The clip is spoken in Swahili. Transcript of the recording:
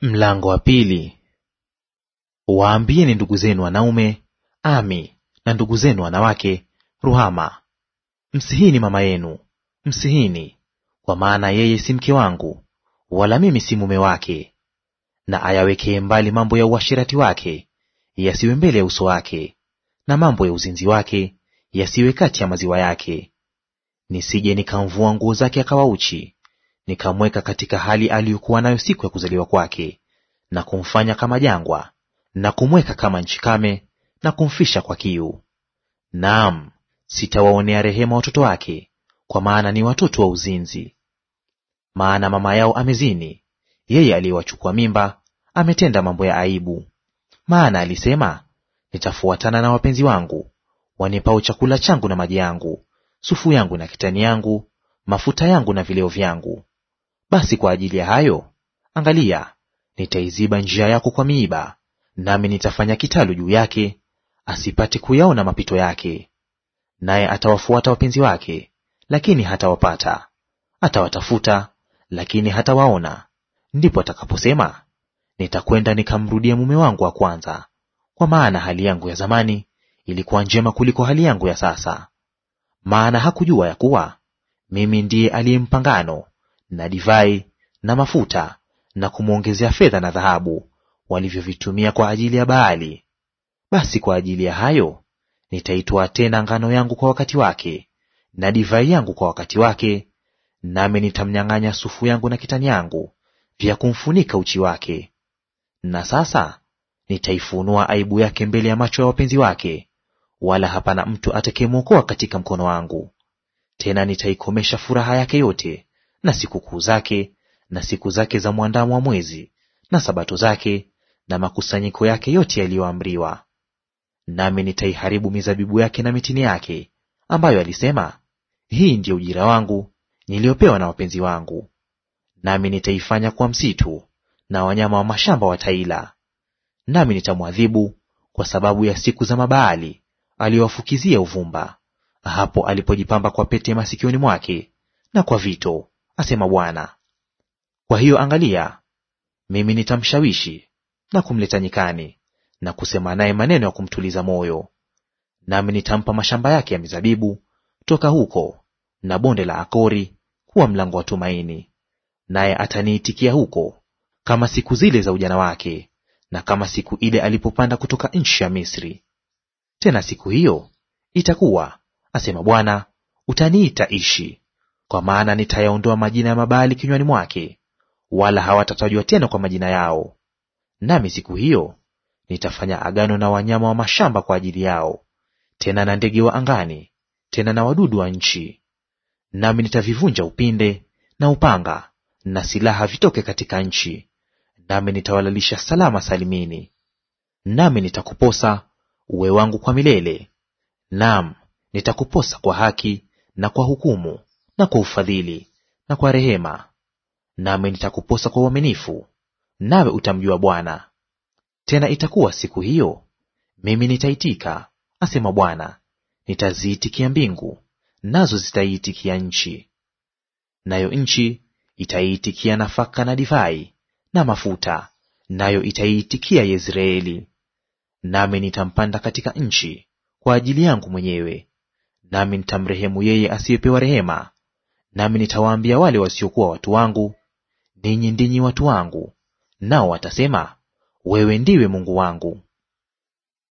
Mlango wa pili. Waambieni ndugu zenu wanaume Ami, na ndugu zenu wanawake Ruhama. Msihini mama yenu, msihini; kwa maana yeye si mke wangu, wala mimi si mume wake. Na ayawekee mbali mambo ya uashirati wake, yasiwe mbele ya uso wake, na mambo ya uzinzi wake, yasiwe kati ya maziwa yake; nisije nikamvua nguo zake akawa uchi, nikamweka katika hali aliyokuwa nayo siku ya kuzaliwa kwake, na kumfanya kama jangwa, na kumweka kama nchi kame, na kumfisha kwa kiu. Naam, sitawaonea rehema watoto wake, kwa maana ni watoto wa uzinzi. Maana mama yao amezini, yeye aliyewachukua mimba ametenda mambo ya aibu. Maana alisema, nitafuatana na wapenzi wangu wanipao chakula changu na maji yangu, sufu yangu na kitani yangu, mafuta yangu na vileo vyangu. Basi kwa ajili ya hayo, angalia, nitaiziba njia yako kwa miiba, nami nitafanya kitalu juu yake, asipate kuyaona mapito yake. Naye atawafuata wapenzi wake, lakini hatawapata; atawatafuta, lakini hatawaona. Ndipo atakaposema, nitakwenda nikamrudia mume wangu wa kwanza, kwa maana hali yangu ya zamani ilikuwa njema kuliko hali yangu ya sasa. Maana hakujua ya kuwa mimi ndiye aliyempangano ngano na divai na mafuta na kumwongezea fedha na dhahabu walivyovitumia kwa ajili ya Baali. Basi kwa ajili ya hayo nitaitoa tena ngano yangu kwa wakati wake na divai yangu kwa wakati wake, nami nitamnyang'anya sufu yangu na kitani yangu vya kumfunika uchi wake. Na sasa nitaifunua aibu yake mbele ya macho ya wapenzi wake, wala hapana mtu atakayemwokoa katika mkono wangu. Tena nitaikomesha furaha yake yote na sikukuu zake na siku zake za mwandamo wa mwezi na sabato zake na makusanyiko yake yote yaliyoamriwa. Nami nitaiharibu mizabibu yake na mitini yake, ambayo alisema, hii ndiyo ujira wangu niliyopewa na wapenzi wangu. Nami nitaifanya kwa msitu, na wanyama wa mashamba wataila. Nami nitamwadhibu kwa sababu ya siku za Mabaali aliyowafukizia uvumba, hapo alipojipamba kwa pete masikioni mwake na kwa vito asema Bwana. Kwa hiyo angalia, mimi nitamshawishi na kumleta nyikani na kusema naye maneno ya kumtuliza moyo, nami nitampa mashamba yake ya mizabibu toka huko na bonde la Akori kuwa mlango wa tumaini, naye ataniitikia huko kama siku zile za ujana wake na kama siku ile alipopanda kutoka nchi ya Misri. Tena siku hiyo itakuwa, asema Bwana, utaniita Ishi, kwa maana nitayaondoa majina ya Mabaali kinywani mwake, wala hawatatajwa tena kwa majina yao. Nami siku hiyo nitafanya agano na wanyama wa mashamba kwa ajili yao, tena na ndege wa angani, tena na wadudu wa nchi. Nami nitavivunja upinde na upanga na silaha vitoke katika nchi, nami nitawalalisha salama salimini. Nami nitakuposa uwe wangu kwa milele, naam, nitakuposa kwa haki na kwa hukumu na kwa ufadhili na kwa rehema, nami nitakuposa kwa uaminifu, nawe utamjua Bwana. Tena itakuwa siku hiyo, mimi nitaitika, asema Bwana, nitaziitikia mbingu, nazo zitaiitikia nchi, nayo nchi itaiitikia nafaka na divai na mafuta, nayo itaiitikia Yezreeli. Nami nitampanda katika nchi kwa ajili yangu mwenyewe, nami nitamrehemu yeye asiyepewa rehema, Nami nitawaambia wale wasiokuwa watu wangu, ninyi ndinyi watu wangu, nao watasema, wewe ndiwe Mungu wangu.